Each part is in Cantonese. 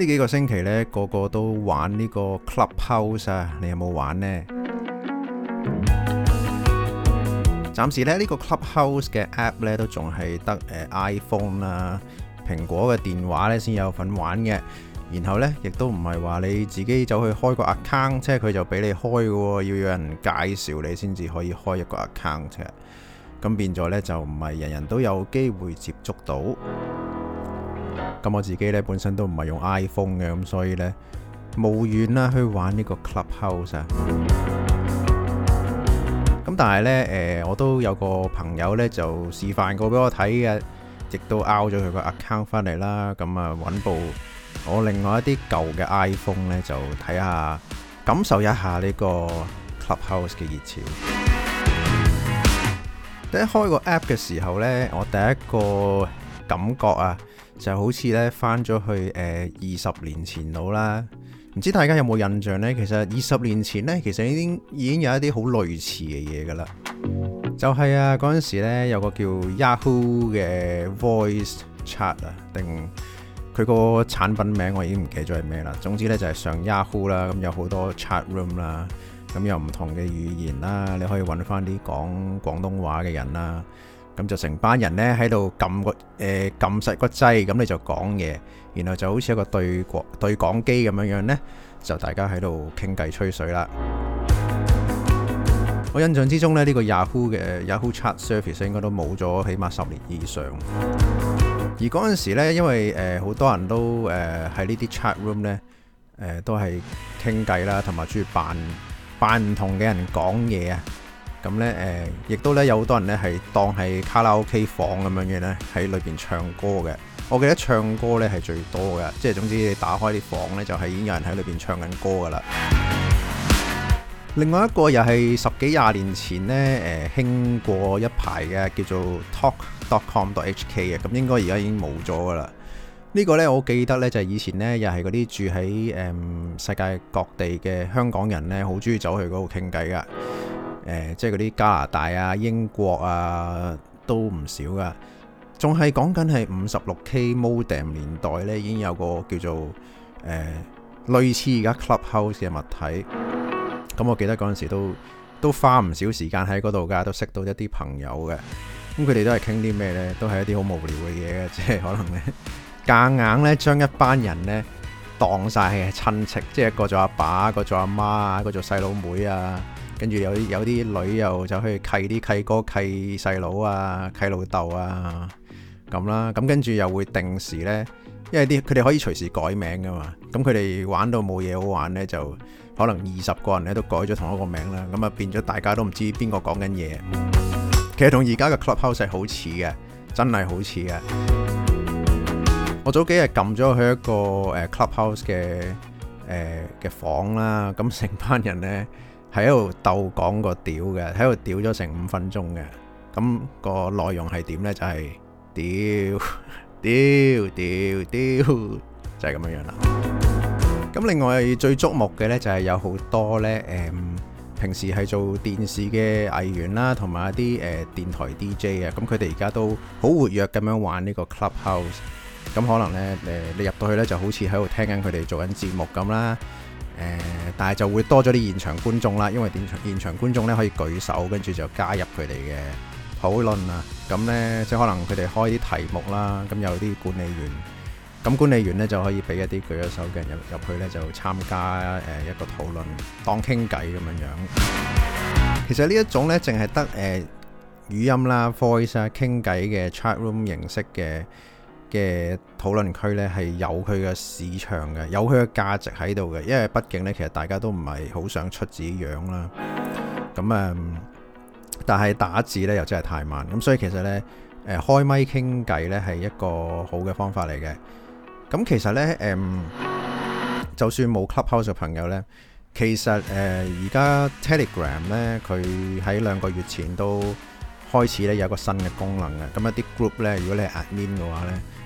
呢幾個星期呢，個個都玩呢個 Clubhouse 啊，你有冇玩呢？暫時咧呢、呢個 Clubhouse 嘅 App 呢，都仲係得誒 iPhone 啦、啊，蘋果嘅電話呢先有份玩嘅。然後呢，亦都唔係話你自己走去開個 account，即係佢就俾你開嘅喎，要有人介紹你先至可以開一個 account 啫。咁變咗呢，就唔係人人都有機會接觸到。咁我自己咧，本身都唔係用 iPhone 嘅，咁所以咧無緣啦去玩呢個 Clubhouse 啊。咁但係咧，誒，我都有個朋友咧就示範過俾我睇嘅，亦都 out 咗佢個 account 翻嚟啦。咁啊，揾部我另外一啲舊嘅 iPhone 咧，就睇下感受一下呢個 Clubhouse 嘅熱潮。一 開個 app 嘅時候咧，我第一個感覺啊～就好似咧翻咗去誒二十年前度啦，唔知大家有冇印象呢？其實二十年前呢，其實已經已經有一啲好類似嘅嘢噶啦。就係啊，嗰陣時咧有個叫 Yahoo 嘅 Voice Chat 啊，定佢個產品名我已經唔記住係咩啦。總之呢，就係上 Yahoo 啦，咁有好多 chat room 啦，咁有唔同嘅語言啦，你可以揾翻啲講廣東話嘅人啦。咁就成班人咧喺度撳個誒撳實個掣，咁你就講嘢，然後就好似一個對講對講機咁樣樣咧，就大家喺度傾偈吹水啦。我印象之中咧，呢個 Yahoo 嘅 Yahoo Chat Service 應該都冇咗起碼十年以上。而嗰陣時咧，因為誒好多人都誒喺呢啲 chat room 咧，誒都係傾偈啦，同埋鍾意扮扮唔同嘅人講嘢啊。咁咧，誒，亦都咧有好多人咧係當係卡拉 OK 房咁樣嘅咧，喺裏邊唱歌嘅。我記得唱歌咧係最多嘅，即係總之你打開啲房咧，就係已經有人喺裏邊唱緊歌噶啦。另外一個又係十幾廿年前呢，誒，興過一排嘅叫做 Talk.com.hk 嘅，咁應該而家已經冇咗噶啦。呢個咧，我記得咧就係以前咧又係嗰啲住喺誒世界各地嘅香港人咧，好中意走去嗰度傾偈噶。誒，即係嗰啲加拿大啊、英國啊，都唔少噶。仲係講緊係五十六 K modem 年代呢，已經有個叫做誒、呃、類似而家 clubhouse 嘅物體。咁我記得嗰陣時都都花唔少時間喺嗰度噶，都識到一啲朋友嘅。咁佢哋都係傾啲咩呢？都係一啲好無聊嘅嘢嘅，即係可能呢硬呢將一班人呢當曬係親戚，即係一個做阿爸，一個做阿媽啊，一個做細佬妹啊。跟住有有啲女又就去契啲契哥、契細佬啊、契老豆啊咁啦，咁跟住又會定時咧，因為啲佢哋可以隨時改名㗎嘛，咁佢哋玩到冇嘢好玩咧，就可能二十個人咧都改咗同一個名啦，咁啊變咗大家都唔知邊個講緊嘢。其實同而家嘅 clubhouse 好似嘅，真係好似嘅。我早幾日撳咗去一個誒 clubhouse 嘅誒嘅房啦，咁成班人咧。喺度鬥講個屌嘅，喺度屌咗成五分鐘嘅，咁個內容係點呢？就係屌、屌、屌、屌，就係咁樣樣啦。咁另外最矚目嘅呢，就係有好多呢，誒，平時係做電視嘅藝員啦，同埋一啲誒電台 DJ 啊，咁佢哋而家都好活躍咁樣玩呢個 Clubhouse，咁可能呢，誒，你入到去呢，就好似喺度聽緊佢哋做緊節目咁啦。誒，但係就會多咗啲現場觀眾啦，因為現場現場觀眾咧可以舉手，跟住就加入佢哋嘅討論啊。咁呢，即可能佢哋開啲題目啦，咁有啲管理員，咁管理員呢就可以俾一啲舉咗手嘅人入入去呢，就參加誒一個討論，當傾偈咁樣樣。其實呢一種呢，淨係得誒語音啦、voice 啊傾偈嘅 chat room 形式嘅。嘅討論區呢係有佢嘅市場嘅，有佢嘅價值喺度嘅。因為畢竟呢，其實大家都唔係好想出自己樣啦。咁誒、嗯，但係打字呢又真係太慢咁，所以其實呢，誒、呃、開咪傾偈呢係一個好嘅方法嚟嘅。咁其實呢，誒、嗯，就算冇 Clubhouse 嘅朋友呢，其實誒而家 Telegram 呢，佢喺兩個月前都開始呢有一個新嘅功能嘅。咁一啲 group 呢，如果你係 admin 嘅話呢。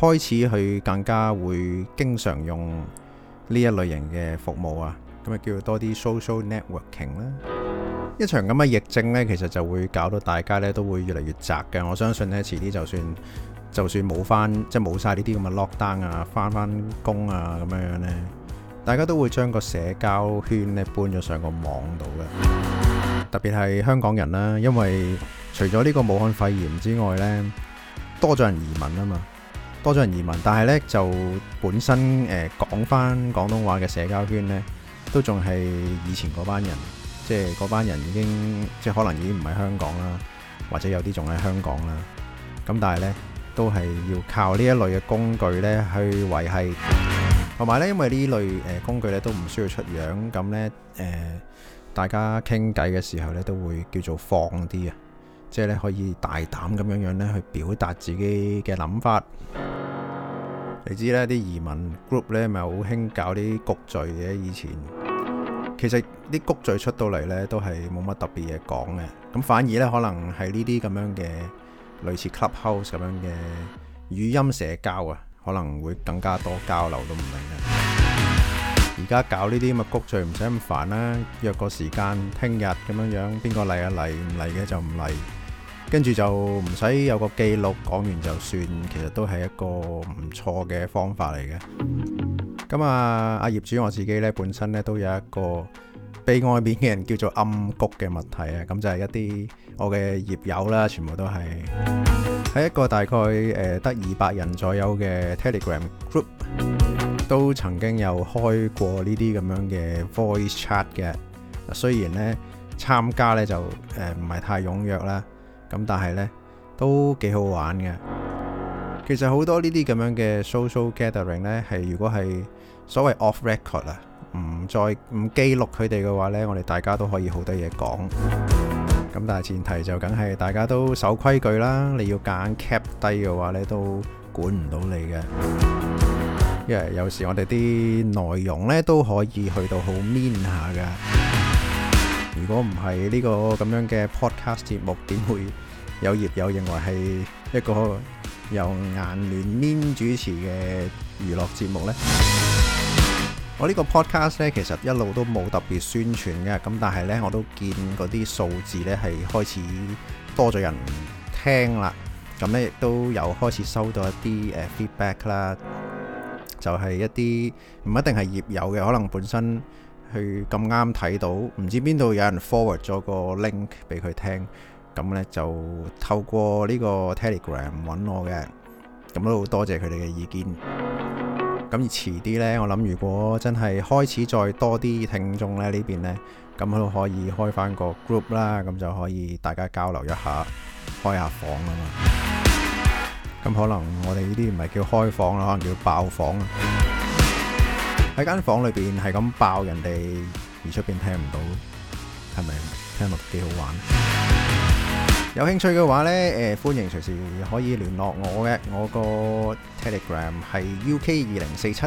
開始去更加會經常用呢一類型嘅服務啊，咁啊叫多啲 social networking 啦。一場咁嘅疫症呢，其實就會搞到大家呢都會越嚟越窄嘅。我相信呢，遲啲就算就算冇翻即係冇晒呢啲咁嘅 lockdown 啊，翻翻工啊咁樣樣呢，大家都會將個社交圈呢搬咗上個網度嘅。特別係香港人啦、啊，因為除咗呢個武漢肺炎之外呢，多咗人移民啊嘛。多咗人移民，但係呢就本身誒講返廣東話嘅社交圈呢，都仲係以前嗰班人，即係嗰班人已經即係可能已經唔喺香港啦，或者有啲仲喺香港啦。咁但係呢都係要靠呢一類嘅工具呢去維係，同埋呢因為呢類誒工具呢都唔需要出樣，咁呢誒大家傾偈嘅時候呢都會叫做放啲啊，即係呢可以大膽咁樣樣呢去表達自己嘅諗法。你知咧啲移民 group 咧咪好興搞啲谷聚嘅，以前其實啲谷聚出到嚟呢都係冇乜特別嘢講嘅，咁反而呢可能係呢啲咁樣嘅類似 clubhouse 咁樣嘅語音社交啊，可能會更加多交流到唔同嘅。而家搞呢啲咁嘅谷聚唔使咁煩啦，約個時間聽日咁樣樣，邊個嚟啊嚟，唔嚟嘅就唔嚟。跟住就唔使有個記錄，講完就算，其實都係一個唔錯嘅方法嚟嘅。咁啊，阿業主我自己咧，本身咧都有一個被外面嘅人叫做暗谷嘅物體啊。咁就係一啲我嘅業友啦，全部都係喺一個大概誒得二百人左右嘅 Telegram Group，都曾經有開過呢啲咁樣嘅 Voice Chat 嘅。雖然咧參加咧就誒唔係太踴躍啦，咁但係呢都幾好玩嘅，其實好多呢啲咁樣嘅 social gathering 呢，係如果係所謂 off record 啊，唔再唔記錄佢哋嘅話呢，我哋大家都可以好多嘢講。咁但係前提就梗係大家都守規矩啦。你要夾硬 cap 低嘅話呢都管唔到你嘅，yeah, 因為有時我哋啲內容呢都可以去到好 mean 下噶。如果唔係呢個咁樣嘅 podcast 節目，點會有業友認為係一個由顏聯綿主持嘅娛樂節目呢？ 我呢個 podcast 呢，其實一路都冇特別宣傳嘅，咁但係呢，我都見嗰啲數字呢係開始多咗人聽啦，咁呢，亦都有開始收到一啲誒、呃、feedback 啦，就係、是、一啲唔一定係業友嘅，可能本身。去咁啱睇到，唔知邊度有人 forward 咗個 link 俾佢聽，咁呢，就透過呢個 Telegram 揾我嘅，咁都好多謝佢哋嘅意見。咁而遲啲呢，我諗如果真係開始再多啲聽眾呢，呢邊呢，咁都可以開翻個 group 啦，咁就可以大家交流一下，開下房啊嘛。咁可能我哋呢啲唔係叫開房啦，可能叫爆房。喺間房裏邊係咁爆人哋，而出邊聽唔到，係咪聽落都幾好玩？ 有興趣嘅話呢，誒，歡迎隨時可以聯絡我嘅，我個 Telegram 係 UK 二零四七，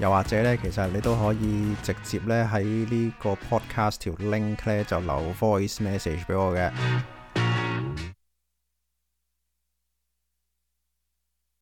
又或者呢，其實你都可以直接呢喺呢個 Podcast 條 link 呢，就留 Voice Message 俾我嘅。